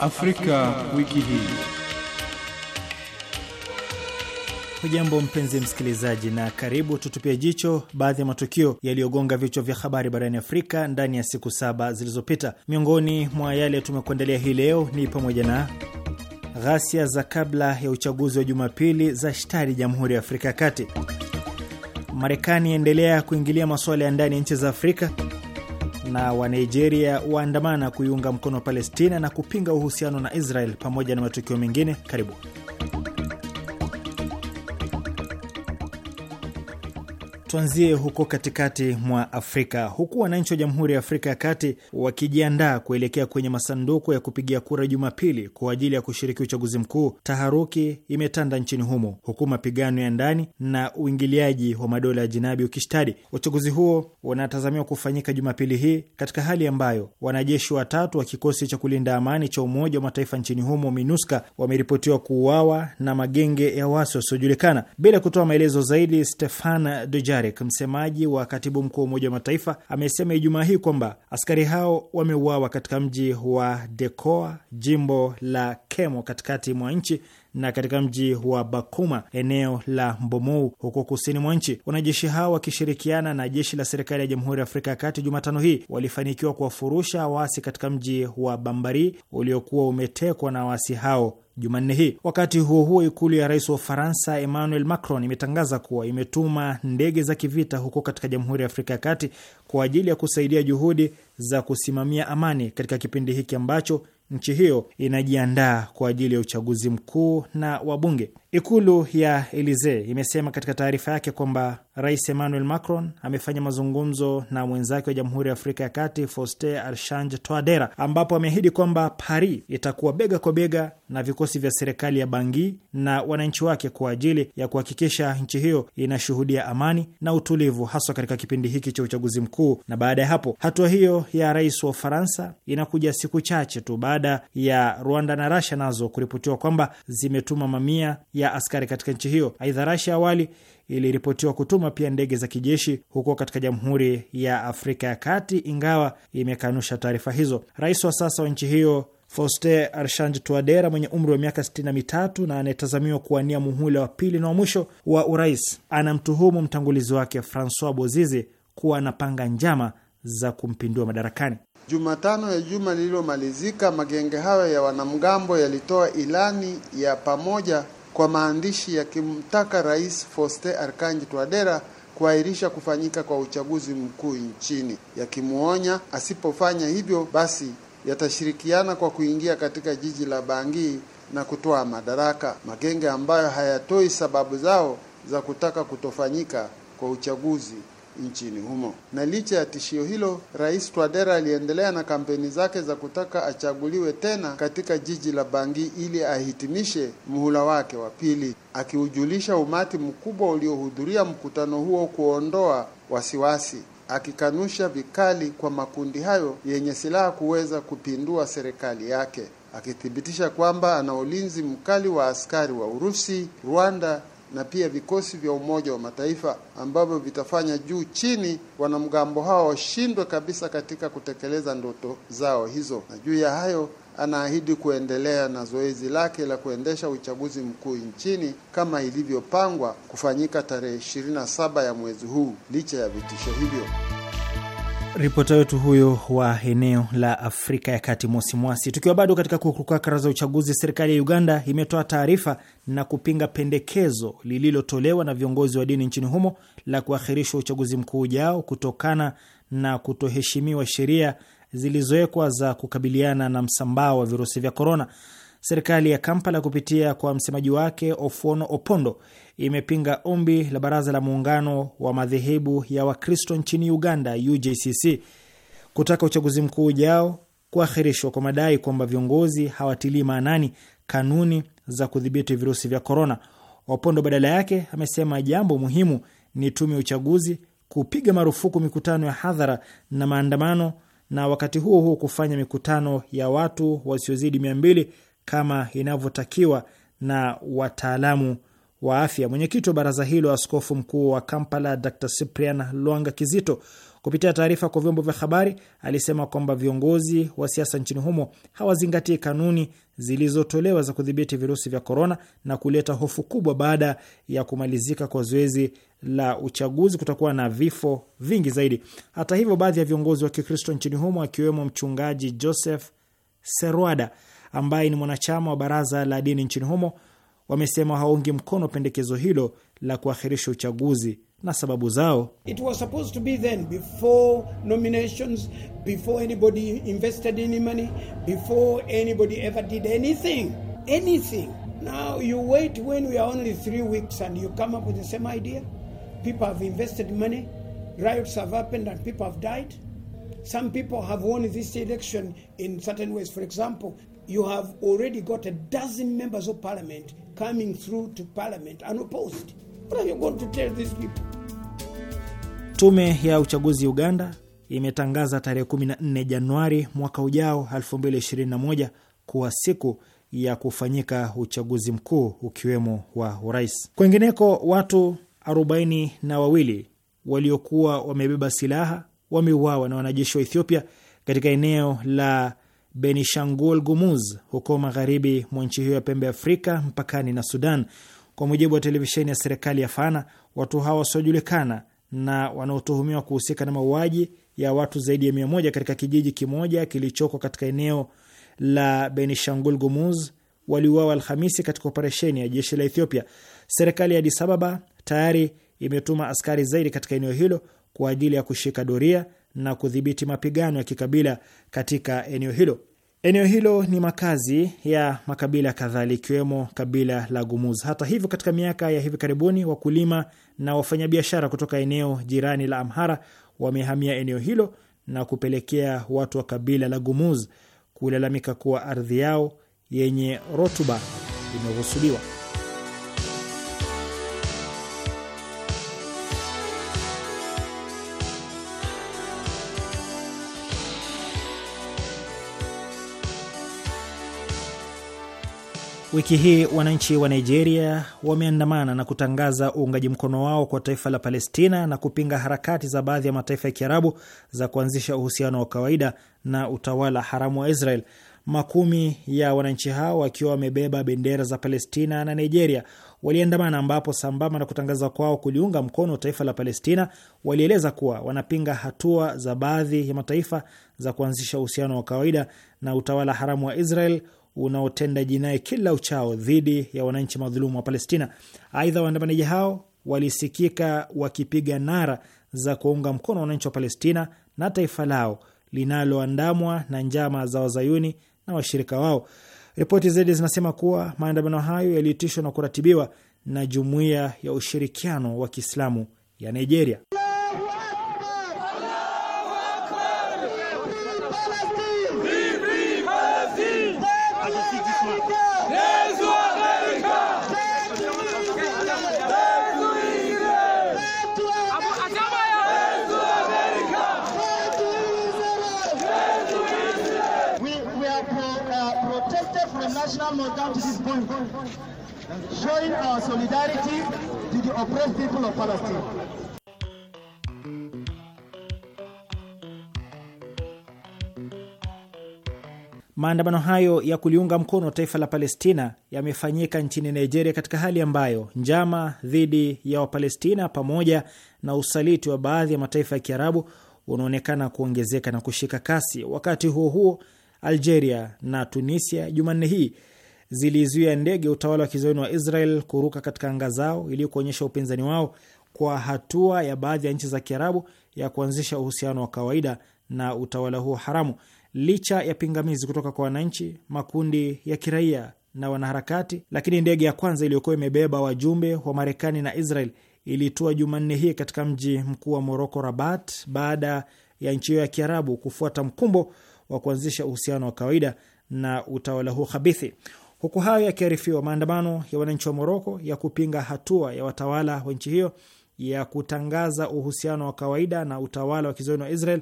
Afrika wiki hii. Hujambo mpenzi msikilizaji, na karibu tutupia jicho baadhi ya matukio yaliyogonga vichwa vya habari barani Afrika ndani ya siku saba zilizopita. Miongoni mwa yale tumekuandalia hii leo ni pamoja na ghasia za kabla ya uchaguzi wa Jumapili za shtari Jamhuri ya Afrika ya Kati, Marekani endelea kuingilia masuala ya ndani ya nchi za Afrika na Wanigeria waandamana kuiunga mkono Palestina na kupinga uhusiano na Israel pamoja na matukio mengine. Karibu. Tuanzie huko katikati mwa Afrika, huku wananchi wa Jamhuri ya Afrika ya Kati wakijiandaa kuelekea kwenye masanduku ya kupigia kura Jumapili kwa ajili ya kushiriki uchaguzi mkuu, taharuki imetanda nchini humo, huku mapigano ya ndani na uingiliaji wa madola ya jinabi ukishtadi. Uchaguzi huo unatazamiwa kufanyika Jumapili hii katika hali ambayo wanajeshi watatu wa kikosi cha kulinda amani cha Umoja wa Mataifa nchini humo minuska wameripotiwa kuuawa na magenge ya wasi wasiojulikana. Bila kutoa maelezo zaidi, Stefan Dujarric Dujarric, msemaji wa katibu mkuu wa Umoja wa Mataifa, amesema Ijumaa hii kwamba askari hao wameuawa katika mji wa Dekoa, jimbo la Kemo, katikati mwa nchi na katika mji wa Bakuma eneo la Mbomou huko kusini mwa nchi. Wanajeshi hao wakishirikiana na jeshi la serikali ya Jamhuri ya Afrika ya Kati Jumatano hii walifanikiwa kuwafurusha waasi katika mji wa Bambari uliokuwa umetekwa na waasi hao Jumanne hii. Wakati huo huo, ikulu ya rais wa Ufaransa Emmanuel Macron imetangaza kuwa imetuma ndege za kivita huko katika Jamhuri ya Afrika ya Kati kwa ajili ya kusaidia juhudi za kusimamia amani katika kipindi hiki ambacho nchi hiyo inajiandaa kwa ajili ya uchaguzi mkuu na wabunge. Ikulu ya Elisee imesema katika taarifa yake kwamba Rais Emmanuel Macron amefanya mazungumzo na mwenzake wa Jamhuri ya Afrika ya Kati Faustin Archange Touadera, ambapo ameahidi kwamba Paris itakuwa bega kwa bega na vikosi vya serikali ya Bangui na wananchi wake kwa ajili ya kuhakikisha nchi hiyo inashuhudia amani na utulivu, haswa katika kipindi hiki cha uchaguzi mkuu na baada ya hapo. Hatua hiyo ya rais wa Ufaransa inakuja siku chache tu baada ya Rwanda na rasha nazo kuripotiwa kwamba zimetuma mamia ya askari katika nchi hiyo. Aidha, Rasia awali iliripotiwa kutuma pia ndege za kijeshi huko katika Jamhuri ya Afrika ya Kati, ingawa imekanusha taarifa hizo. Rais wa sasa wa nchi hiyo Faustin Archange Touadera mwenye umri wa miaka sitini na mitatu na anayetazamiwa kuwania muhula wa pili na wa mwisho wa urais anamtuhumu mtangulizi wake Francois Bozize kuwa anapanga njama za kumpindua madarakani. Jumatano ya juma lililomalizika, magenge hayo ya wanamgambo yalitoa ilani ya pamoja kwa maandishi yakimtaka Rais Faustin Archange Touadera kuahirisha kufanyika kwa uchaguzi mkuu nchini, yakimwonya asipofanya hivyo basi yatashirikiana kwa kuingia katika jiji la Bangui na kutoa madaraka magenge ambayo hayatoi sababu zao za kutaka kutofanyika kwa uchaguzi nchini humo. Na licha ya tishio hilo, Rais Twadera aliendelea na kampeni zake za kutaka achaguliwe tena katika jiji la Bangi ili ahitimishe muhula wake wa pili, akiujulisha umati mkubwa uliohudhuria mkutano huo kuondoa wasiwasi, akikanusha vikali kwa makundi hayo yenye silaha kuweza kupindua serikali yake, akithibitisha kwamba ana ulinzi mkali wa askari wa Urusi, Rwanda na pia vikosi vya Umoja wa Mataifa ambavyo vitafanya juu chini wanamgambo hao washindwe kabisa katika kutekeleza ndoto zao hizo. Na juu ya hayo, anaahidi kuendelea na zoezi lake la kuendesha uchaguzi mkuu nchini kama ilivyopangwa kufanyika tarehe 27 ya mwezi huu licha ya vitisho hivyo. Ripota wetu huyo wa eneo la Afrika ya Kati, Mosi Mwasi. Tukiwa bado katika kukukakara za uchaguzi, serikali ya Uganda imetoa taarifa na kupinga pendekezo lililotolewa na viongozi wa dini nchini humo la kuahirishwa uchaguzi mkuu ujao kutokana na kutoheshimiwa sheria zilizowekwa za kukabiliana na msambao wa virusi vya korona. Serikali ya Kampala kupitia kwa msemaji wake Ofuono Opondo imepinga ombi la baraza la muungano wa madhehebu ya Wakristo nchini Uganda, UJCC, kutaka uchaguzi mkuu ujao kuahirishwa kwa madai kwamba viongozi hawatilii maanani kanuni za kudhibiti virusi vya korona. Wapondo badala yake amesema jambo muhimu ni tume ya uchaguzi kupiga marufuku mikutano ya hadhara na maandamano, na wakati huo huo kufanya mikutano ya watu wasiozidi mia mbili kama inavyotakiwa na wataalamu wa afya. Mwenyekiti wa baraza hilo, askofu mkuu wa Kampala Dr Cyprian Lwanga Kizito, kupitia taarifa kwa vyombo vya habari alisema kwamba viongozi wa siasa nchini humo hawazingatii kanuni zilizotolewa za kudhibiti virusi vya korona na kuleta hofu kubwa baada ya kumalizika kwa zoezi la uchaguzi kutakuwa na vifo vingi zaidi. Hata hivyo, baadhi ya viongozi wa Kikristo nchini humo akiwemo mchungaji Joseph Serwada ambaye ni mwanachama wa baraza la dini nchini humo wamesema hawaungi mkono pendekezo hilo la kuahirisha uchaguzi na sababu zao. It was supposed to be then before nominations, before anybody invested any money, before anybody ever did anything, anything. Now you wait when we are only three weeks and you come up with the same idea. People have invested money, riots have happened and people have died. Some people have won this election in certain ways. For example, you have already got a dozen members of parliament coming through to parliament unopposed. What are you going to tell these people? Tume ya uchaguzi Uganda imetangaza tarehe 14 Januari mwaka ujao 2021 kuwa siku ya kufanyika uchaguzi mkuu ukiwemo wa urais. Kwengineko, watu arobaini na wawili waliokuwa wamebeba silaha wameuawa na wanajeshi wa Ethiopia katika eneo la Benishangul Gumuz huko magharibi mwa nchi hiyo ya pembe Afrika mpakani na Sudan. Kwa mujibu wa televisheni ya serikali ya Fana, watu hawa wasiojulikana na wanaotuhumiwa kuhusika na mauaji ya watu zaidi ya mia moja katika kijiji kimoja kilichoko katika eneo la Benishangul Gumuz waliuawa Alhamisi katika operesheni ya jeshi la Ethiopia. Serikali ya Adis Ababa tayari imetuma askari zaidi katika eneo hilo kwa ajili ya kushika doria na kudhibiti mapigano ya kikabila katika eneo hilo. Eneo hilo ni makazi ya makabila kadhaa likiwemo kabila la Gumuz. Hata hivyo, katika miaka ya hivi karibuni, wakulima na wafanyabiashara kutoka eneo jirani la Amhara wamehamia eneo hilo na kupelekea watu wa kabila la Gumuz kulalamika kuwa ardhi yao yenye rutuba imeghusuliwa. Wiki hii wananchi wa Nigeria wameandamana na kutangaza uungaji mkono wao kwa taifa la Palestina na kupinga harakati za baadhi ya mataifa ya Kiarabu za kuanzisha uhusiano wa kawaida na utawala haramu wa Israel. Makumi ya wananchi hao wakiwa wamebeba bendera za Palestina na Nigeria waliandamana, ambapo sambamba na kutangaza kwao kuliunga mkono taifa la Palestina, walieleza kuwa wanapinga hatua za baadhi ya mataifa za kuanzisha uhusiano wa kawaida na utawala haramu wa Israel unaotenda jinai kila uchao dhidi ya wananchi madhulumu wa Palestina. Aidha, waandamanaji hao walisikika wakipiga nara za kuunga mkono wananchi wa Palestina na taifa lao linaloandamwa na njama za wazayuni na washirika wao. Ripoti zaidi zinasema kuwa maandamano hayo yaliitishwa na kuratibiwa na Jumuiya ya Ushirikiano wa Kiislamu ya Nigeria. showing our solidarity to the oppressed people of Palestine. Maandamano hayo ya kuliunga mkono taifa la Palestina yamefanyika nchini Nigeria katika hali ambayo njama dhidi ya Wapalestina pamoja na usaliti wa baadhi ya mataifa ya Kiarabu unaonekana kuongezeka na kushika kasi. Wakati huo huo, Algeria na Tunisia Jumanne hii zilizuia ndege utawala wa kizayuni wa Israel kuruka katika anga zao ili kuonyesha upinzani wao kwa hatua ya baadhi ya nchi za Kiarabu ya kuanzisha uhusiano wa kawaida na utawala huo haramu. Licha ya pingamizi kutoka kwa wananchi, makundi ya kiraia na wanaharakati, lakini ndege ya kwanza iliyokuwa imebeba wajumbe wa Marekani na Israel ilitua Jumanne hii katika mji mkuu wa Moroko, Rabat, baada ya nchi hiyo ya Kiarabu kufuata mkumbo wa kuanzisha uhusiano wa kawaida na utawala huo habithi. Huku hayo yakiarifiwa, maandamano ya wananchi wa Moroko ya kupinga hatua ya watawala wa nchi hiyo ya kutangaza uhusiano wa kawaida na utawala wa kizoni wa Israel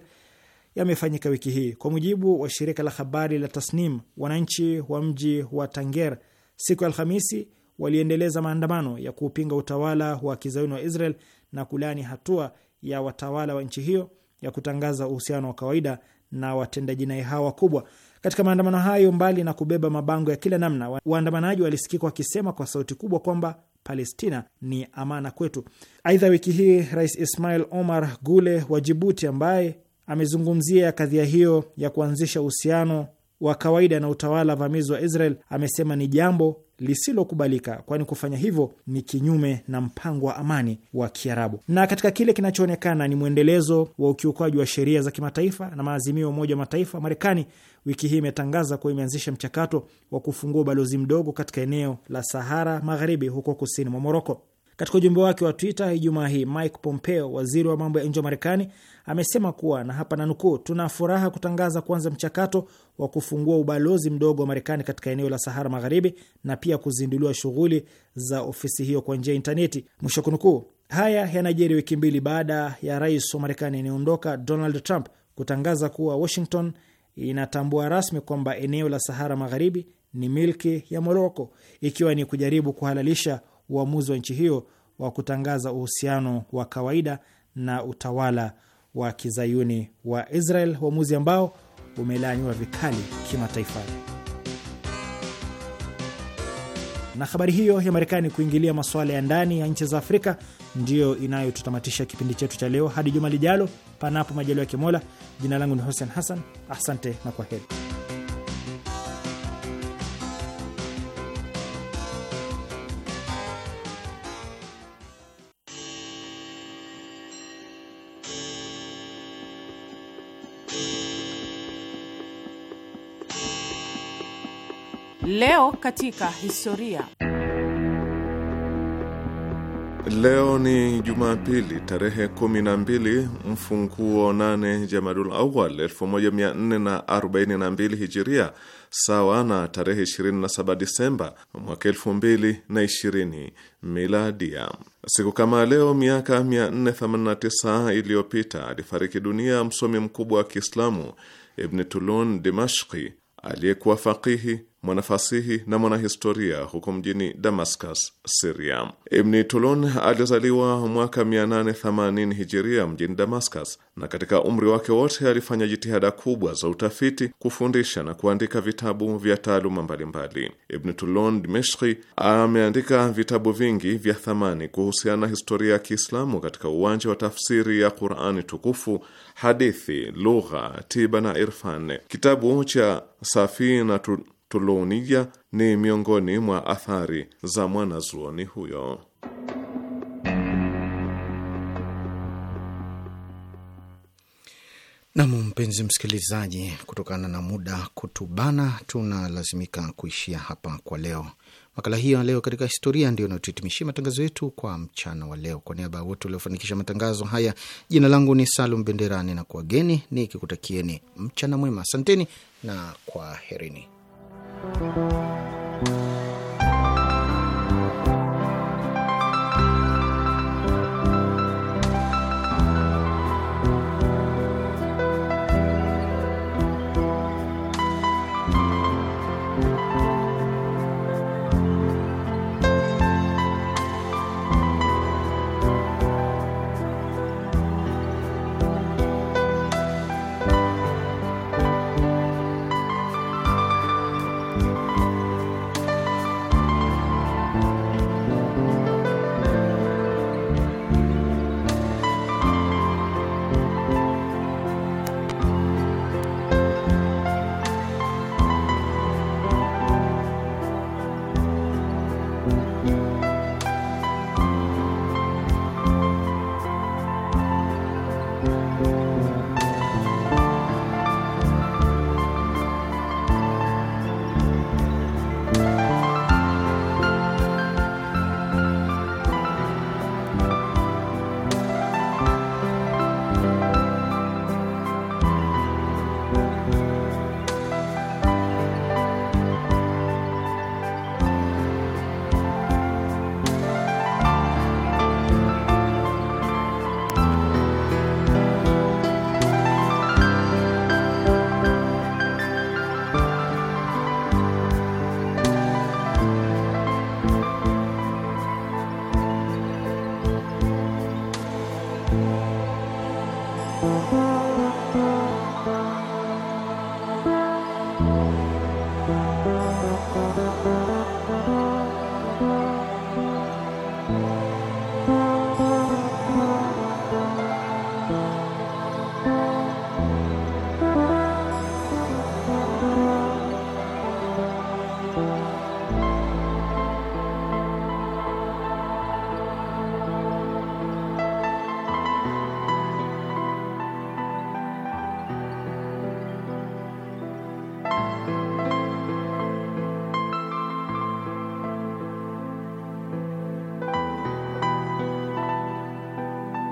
yamefanyika wiki hii. Kwa mujibu wa shirika la habari la Tasnim, wananchi wa mji wa Tanger siku ya Alhamisi waliendeleza maandamano ya kupinga utawala wa kizayuni wa Israel na kulaani hatua ya watawala wa nchi hiyo ya kutangaza uhusiano wa kawaida na watendaji naye hawa wakubwa. Katika maandamano hayo, mbali na kubeba mabango ya kila namna, waandamanaji walisikika wakisema kwa sauti kubwa kwamba Palestina ni amana kwetu. Aidha, wiki hii Rais Ismail Omar Gule wa Jibuti, ambaye amezungumzia kadhia hiyo ya kuanzisha uhusiano wa kawaida na utawala vamizi wa Israel, amesema ni jambo lisilokubalika, kwani kufanya hivyo ni kinyume na mpango wa amani wa Kiarabu na katika kile kinachoonekana ni mwendelezo wa ukiukwaji wa sheria za kimataifa na maazimio ya Umoja wa Mataifa, Marekani wiki hii imetangaza kuwa imeanzisha mchakato wa kufungua ubalozi mdogo katika eneo la Sahara Magharibi huko kusini mwa Moroko. Katika ujumbe wake wa Twitter Ijumaa hii, Mike Pompeo, waziri wa mambo ya nje wa Marekani, amesema kuwa na hapa nanukuu, tuna furaha kutangaza kuanza mchakato wa kufungua ubalozi mdogo wa Marekani katika eneo la Sahara Magharibi na pia kuzinduliwa shughuli za ofisi hiyo kwa njia ya intaneti, mwisho kunukuu. Haya yanajiri wiki mbili baada ya rais wa Marekani anayeondoka Donald Trump kutangaza kuwa Washington inatambua rasmi kwamba eneo la Sahara Magharibi ni milki ya Moroko, ikiwa ni kujaribu kuhalalisha uamuzi wa nchi hiyo wa kutangaza uhusiano wa kawaida na utawala wa kizayuni wa Israel, uamuzi ambao umelaaniwa vikali kimataifa. Na habari hiyo ya Marekani kuingilia masuala ya ndani ya nchi za Afrika ndiyo inayotutamatisha kipindi chetu cha leo. Hadi juma lijalo, panapo majaliwa ya Kimola. Jina langu ni Hussein Hassan, asante na kwa heri. Leo katika historia. Leo ni Jumapili tarehe 12 mfunguo 8 Jamadul Awal 1442 Hijiria, sawa na tarehe 27 Disemba mwaka 2020 Miladia. Siku kama leo miaka 489 iliyopita alifariki dunia msomi mkubwa wa Kiislamu Ibn Tulun Dimashki, aliyekuwa fakihi mwanafasihi na mwanahistoria huko mjini Damascus, Siria. Ibni Tulun alizaliwa mwaka 880 hijiria mjini Damascus, na katika umri wake wote alifanya jitihada kubwa za utafiti, kufundisha na kuandika vitabu vya taaluma mbalimbali. Ibni Tulun Dimeshki ameandika vitabu vingi vya thamani kuhusiana na historia ya Kiislamu katika uwanja wa tafsiri ya Qurani tukufu, hadithi, lugha, tiba na irfan. Kitabu cha Safinatu Tuluniya ni miongoni mwa athari za mwanazuoni huyo. Nam, mpenzi msikilizaji, kutokana na muda kutubana, tunalazimika kuishia hapa kwa leo. Makala hiyo leo katika historia ndio inayotuhitimishia matangazo yetu kwa mchana wa leo. Kwa niaba ya wote waliofanikisha matangazo haya, jina langu ni Salum Benderani na kuwageni nikikutakieni mchana mwema. Asanteni na kwaherini. Thank you.